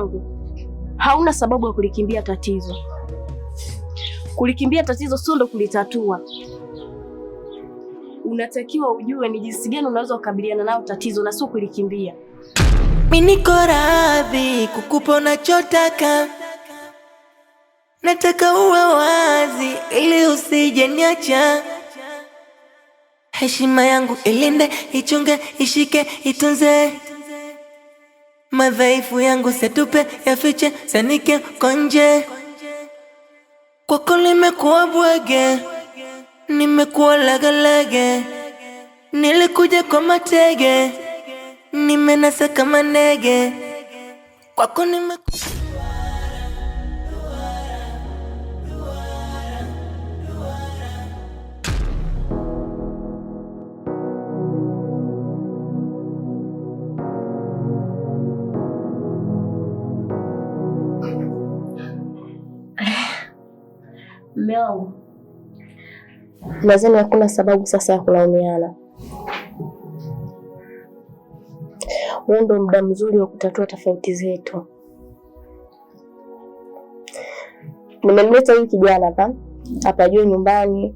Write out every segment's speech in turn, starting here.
wangu, hauna sababu ya kulikimbia tatizo. Kulikimbia tatizo sio ndo kulitatua. Unatakiwa ujue ni jinsi gani unaweza kukabiliana nao tatizo na sio kulikimbia. Mimi niko radhi kukupa unachotaka, nataka uwe wazi ili usije niacha. Heshima yangu ilinde, ichunge, ishike, itunze Madhaifu yangu setupe yafiche sanike konje, kwako nimekuwa bwege, nimekuwa lagalage, nilikuja kwa matege, nimenasa kama nege, kwako nimekuwa mume wangu? Nadhani hakuna sababu sasa ya kulaumiana. Huu ndo muda mzuri wa kutatua tofauti zetu. Nimemleta huyu kijana hapa hapa juu nyumbani,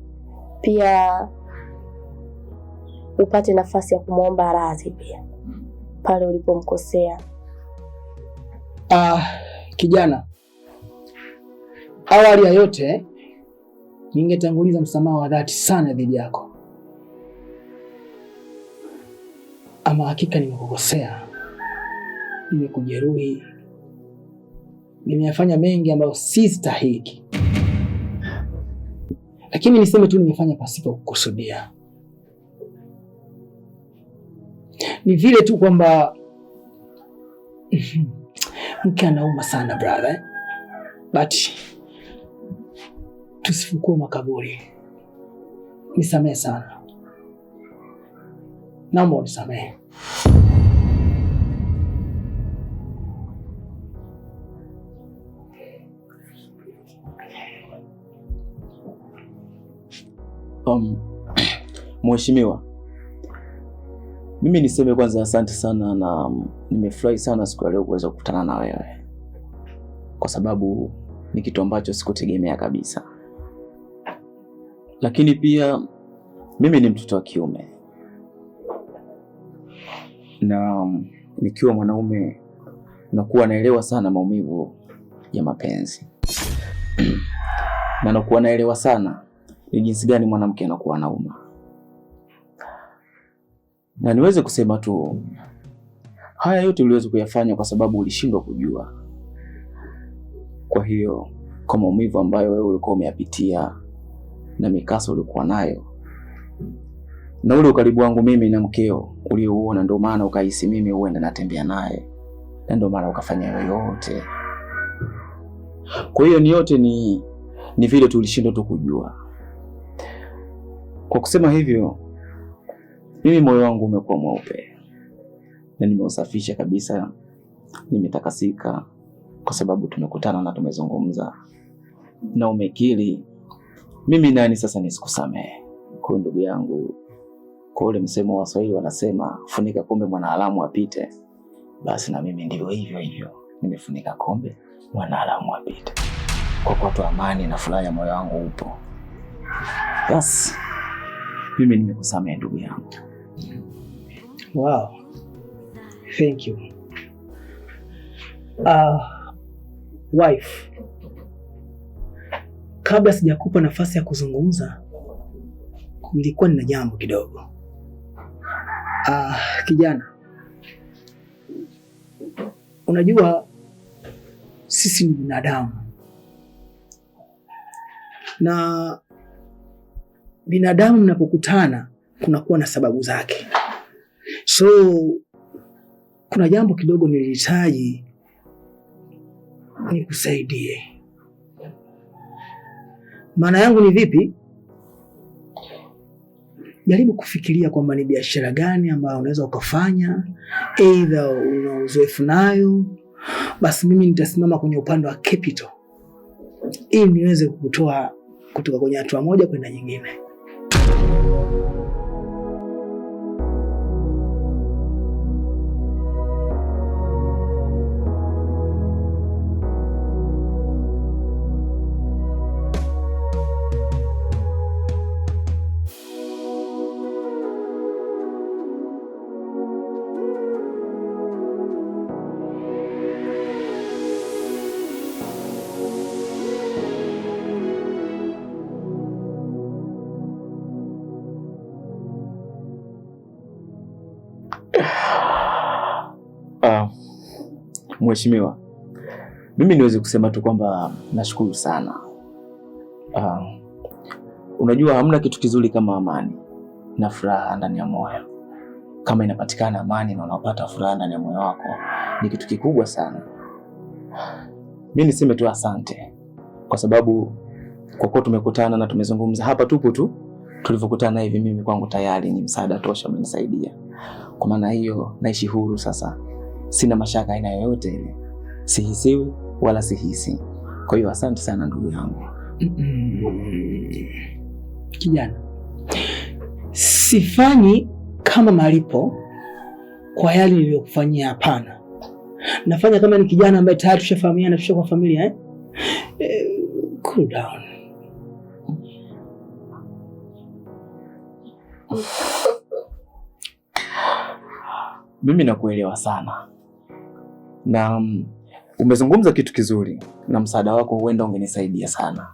pia upate nafasi ya kumwomba radhi pia pale ulipomkosea. Ah, kijana, awali ya yote ningetanguliza msamaha wa dhati sana dhidi yako, ama hakika nimekukosea, nimekujeruhi, nimeyafanya mengi ambayo si stahiki, lakini niseme tu nimefanya pasipo kukusudia. Ni vile tu kwamba mke anauma sana brother, but tusifukue makaburi. Nisamehe sana, naomba unisamehe. Um, mheshimiwa, mimi niseme kwanza asante sana na um, nimefurahi sana siku ya leo kuweza kukutana na wewe, kwa sababu ni kitu ambacho sikutegemea kabisa lakini pia mimi ni mtoto wa kiume na nikiwa mwanaume nakuwa naelewa sana maumivu ya mapenzi na nakuwa naelewa sana ni jinsi gani mwanamke anakuwa anauma, na niweze kusema tu haya yote uliweza kuyafanya kwa sababu ulishindwa kujua. Kwa hiyo kwa maumivu ambayo wewe ulikuwa umeyapitia na mikasa uliokuwa nayo na ule ukaribu wangu mimi na mkeo uliouona, ndio maana ukahisi mimi huenda natembea naye, na ndio maana ukafanya yoyote. Kwa hiyo ni yote ni ni vile tulishindwa tu kujua. Kwa kusema hivyo, mimi moyo wangu umekuwa mweupe na nimeusafisha kabisa, nimetakasika, kwa sababu tumekutana na tumezungumza na umekili mimi nani sasa nisikusamehe? Kwa ndugu yangu, kwa ule msemo wa Waswahili wanasema funika kombe mwanaalamu apite, basi na mimi ndivyo hivyo hivyo, nimefunika kombe mwanaalamu apite, kwa kuwa tu amani na furaha ya moyo wangu upo. Basi mimi nimekusamehe ndugu yangu. Wow. Thank you. Uh, wife kabla sijakupa nafasi ya kuzungumza, nilikuwa nina jambo kidogo. Ah, kijana, unajua sisi ni binadamu na binadamu mnapokutana kunakuwa na sababu zake, so kuna jambo kidogo nilihitaji nikusaidie. Maana yangu ni vipi? Jaribu kufikiria kwamba ni biashara gani ambayo unaweza ukafanya, aidha una uzoefu nayo. Basi mimi nitasimama kwenye upande wa capital ili niweze kukutoa kutoka kwenye hatua moja kwenda nyingine. Mheshimiwa, mimi niweze kusema tu kwamba nashukuru sana. Uh, unajua hamna kitu kizuri kama amani na furaha ndani ya moyo. Kama inapatikana amani na unapata furaha ndani ya moyo wako ni kitu kikubwa sana. Mimi niseme tu asante, kwa sababu kwa kuwa tumekutana na tumezungumza hapa, tupo tu tulivyokutana hivi. Mimi kwangu tayari ni msaada tosha, umenisaidia. Kwa maana hiyo naishi huru sasa sina mashaka aina yoyote ile, sihisiwi wala sihisi. Kwa hiyo asante sana ndugu yangu. mm -mm. Kijana, sifanyi kama malipo kwa yale niliyokufanyia, hapana. Nafanya kama ni kijana ambaye tayari tushafahamiana, tushakuwa familia eh? Eh, cool down. Mimi nakuelewa sana na mm, umezungumza kitu kizuri, na msaada wako huenda ungenisaidia sana,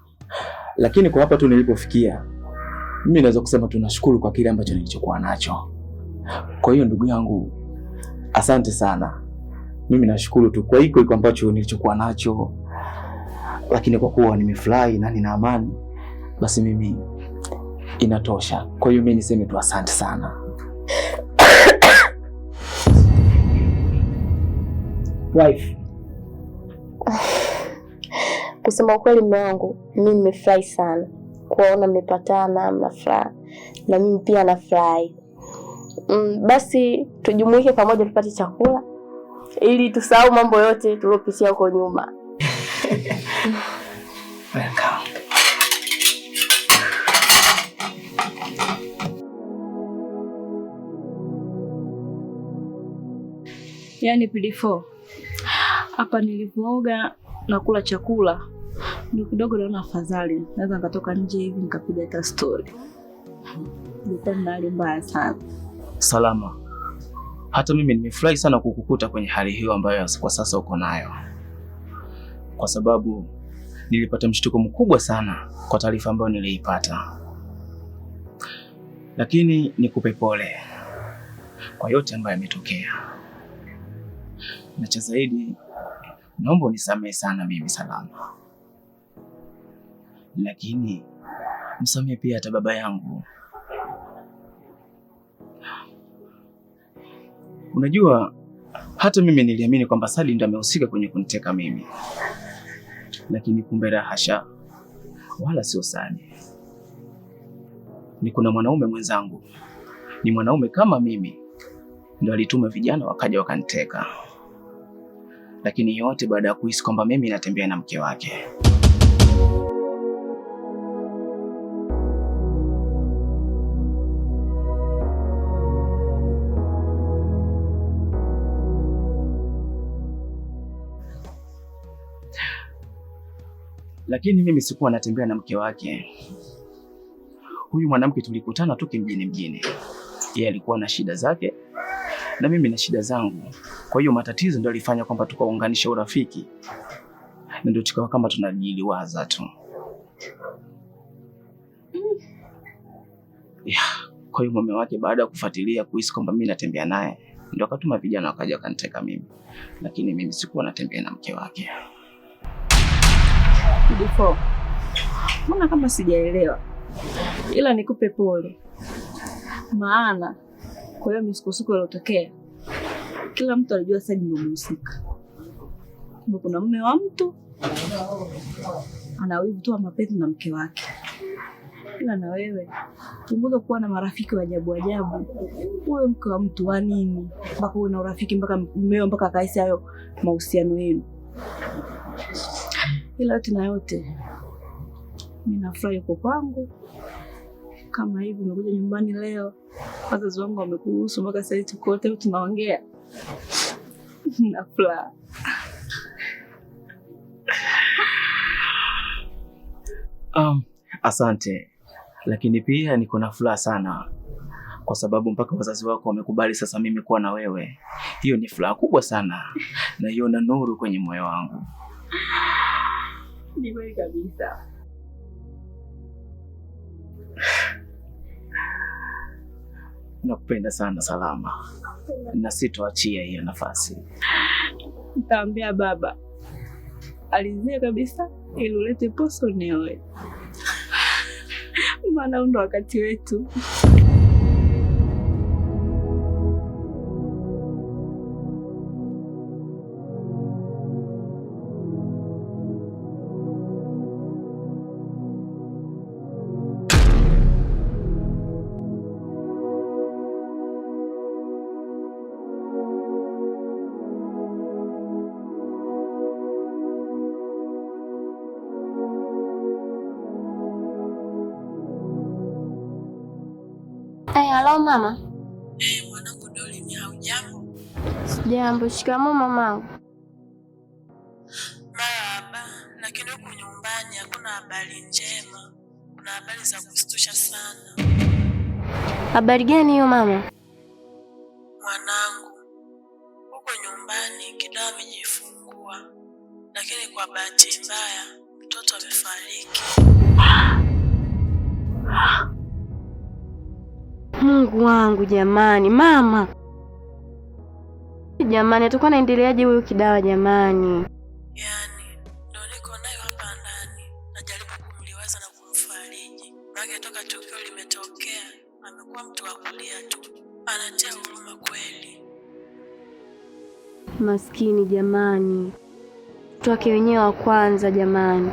lakini kwa hapa tu nilipofikia mimi naweza kusema tunashukuru kwa kile ambacho nilichokuwa nacho. Kwa hiyo ndugu yangu, asante sana. Mimi nashukuru tu kwa hiko hiko ambacho nilichokuwa nacho, lakini kwa kuwa nimefurahi na nina amani, basi mimi inatosha. Kwa hiyo mimi niseme tu asante sana. wife? Kusema ukweli, mume wangu, mimi nimefurahi sana kuwaona mmepatana, mnafurahi na mimi pia nafurahi. Mm, basi tujumuike pamoja tupate chakula ili tusahau mambo yote tuliopitia huko nyuma. Yaani PD4 hapa nilipooga na kula chakula ndio kidogo naona afadhali naweza nikatoka nje hivi nikapiga hata stori. Ilikuwa na hali mbaya sana. Salama, hata mimi nimefurahi sana kukukuta kwenye hali hiyo ambayo kwa sasa uko nayo, kwa sababu nilipata mshtuko mkubwa sana kwa taarifa ambayo niliipata, lakini nikupe pole kwa yote ambayo yametokea, na cha zaidi Naomba unisamehe sana mimi Salama, lakini msamehe pia hata baba yangu. Unajua, hata mimi niliamini kwamba Sali ndo amehusika kwenye kuniteka mimi, lakini kumbe la hasha, wala sio Sali. Ni kuna mwanaume mwenzangu, ni mwanaume kama mimi ndo alituma vijana wakaja wakaniteka lakini yote baada ya kuhisi kwamba mimi natembea na mke wake. Lakini mimi sikuwa natembea na mke wake. Huyu mwanamke tulikutana tu kimjini mjini, yeye alikuwa na shida zake na mimi na shida zangu. Kwa hiyo matatizo ndio alifanya kwamba tukaunganisha urafiki na ndio tukawa kama tunajiliwaza tu ya. Kwa hiyo mume wake baada ya kufuatilia kuhisi kwamba mimi natembea naye, ndio akatuma vijana wakaja wakaniteka mimi, lakini mimi sikuwa natembea na mke wake. Before. Mbona kama sijaelewa, ila nikupe pole maana kwa hiyo misukosuko iliyotokea, kila mtu alijua Saidi ndio mhusika. Kumbe kuna mume wa mtu ana wivu tu wa mapenzi na mke wake. Ila na wewe punguza kuwa na marafiki wa ajabu ajabu. Wewe mke wa mtu wa nini mpaka uwe na urafiki mpaka mmeo mpaka kaisi hayo mahusiano yenu? Ila yote na yote, mimi nafurahi uko kwangu kama hivi, umekuja nyumbani leo wazazi wangu wamekuhusu mpaka sasa tuko wote tunaongea na furaha. Um, asante, lakini pia niko na furaha sana kwa sababu mpaka wazazi wako wamekubali sasa mimi kuwa na wewe. Hiyo ni furaha kubwa sana, na hiyo na nuru kwenye moyo wangu. Ni kweli kabisa. nakupenda sana Salama, na sitoachia hiyo nafasi. Nitaambia baba alizia kabisa, ili ulete poso nioe, maana undo wakati wetu Shikamoo mama. Eh, mwanangu Doli, ni haujambo? Sijambo. Shikamoo mamangu. Baba, lakini huku nyumbani hakuna habari njema, kuna habari za kustusha sana. Habari gani hiyo mama? Mwanangu, huko nyumbani Kidawa amejifungua, lakini kwa bahati mbaya mtoto amefariki. Mungu wangu jamani, mama jamani, atakuwa naendeleaje huyu kidawa jamani? Yaani ndo niko nayo hapa ndani, najaribu kumliwaza na kumfariji, maana toka tukio limetokea amekuwa mtu wa kulia tu, anatia huruma kweli. Maskini jamani, mtu wake wenyewe wa kwanza jamani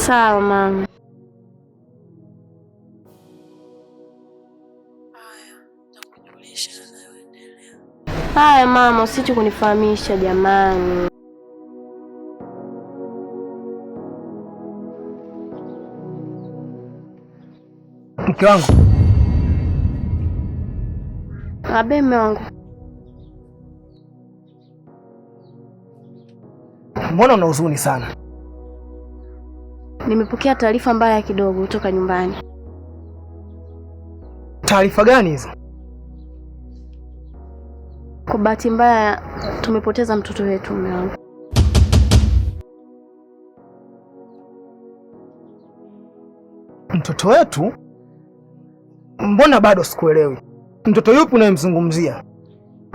Sawa mama. Haya mama, usichu kunifahamisha jamani. Mke wangu abe, mme wangu, mbona una huzuni sana? nimepokea taarifa mbaya kidogo kutoka nyumbani. Taarifa gani hizo? Kwa bahati mbaya tumepoteza mtoto wetu, mume wangu. Mtoto wetu? Mbona bado sikuelewi. Mtoto yupi unayemzungumzia?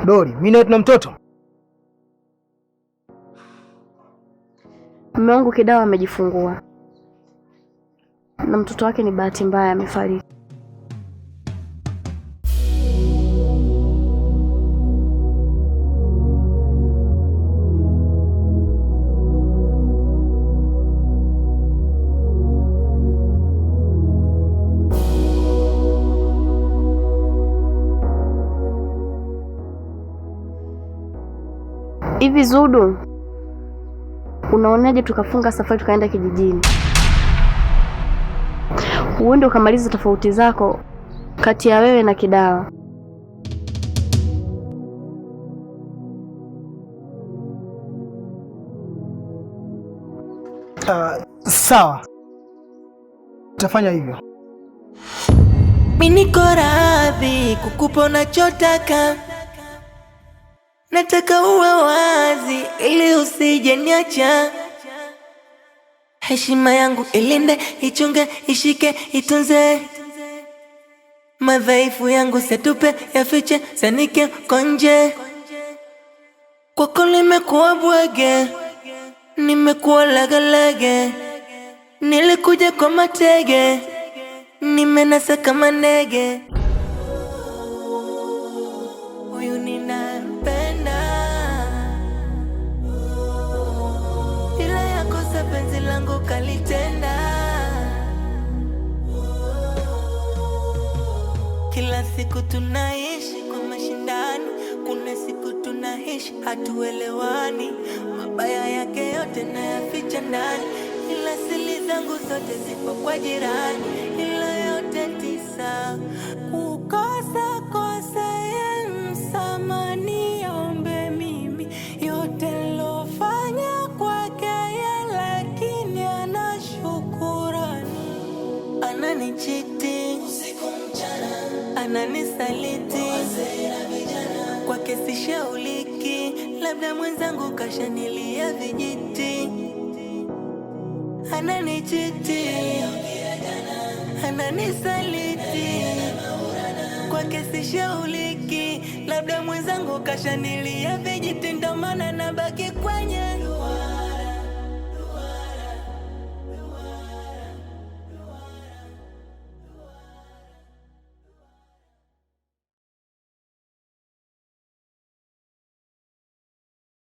Dori, mimi na tuna mtoto. Mume wangu Kidawa amejifungua na mtoto wake ni bahati mbaya amefariki. Hivi Zudu, unaonaje tukafunga safari tukaenda kijijini? uende ukamaliza tofauti zako kati ya wewe na Kidawa. Uh, sawa, utafanya hivyo. Mimi niko radhi kukupa unachotaka, nataka uwe wazi ili usije niacha Heshima yangu ilinde, ichunge, ishike, itunze. Madhaifu yangu setupe, yafiche, sanike konje. Kwako nimekuwa bwege, nimekuwa lagalage, nilikuja kwa matege, nimenasa kama ndege. siku tunaishi kwa mashindani, kuna siku tunaishi hatuelewani. Mabaya yake yote nayaficha ndani, ila siri zangu zote zipo kwa jirani. nishauliki, labda mwenzangu kashanilia vijiti, ananichiti, ananisaliti, kwake sishauliki, labda mwenzangu kashanilia vijiti, ndo maana nabaki kwenye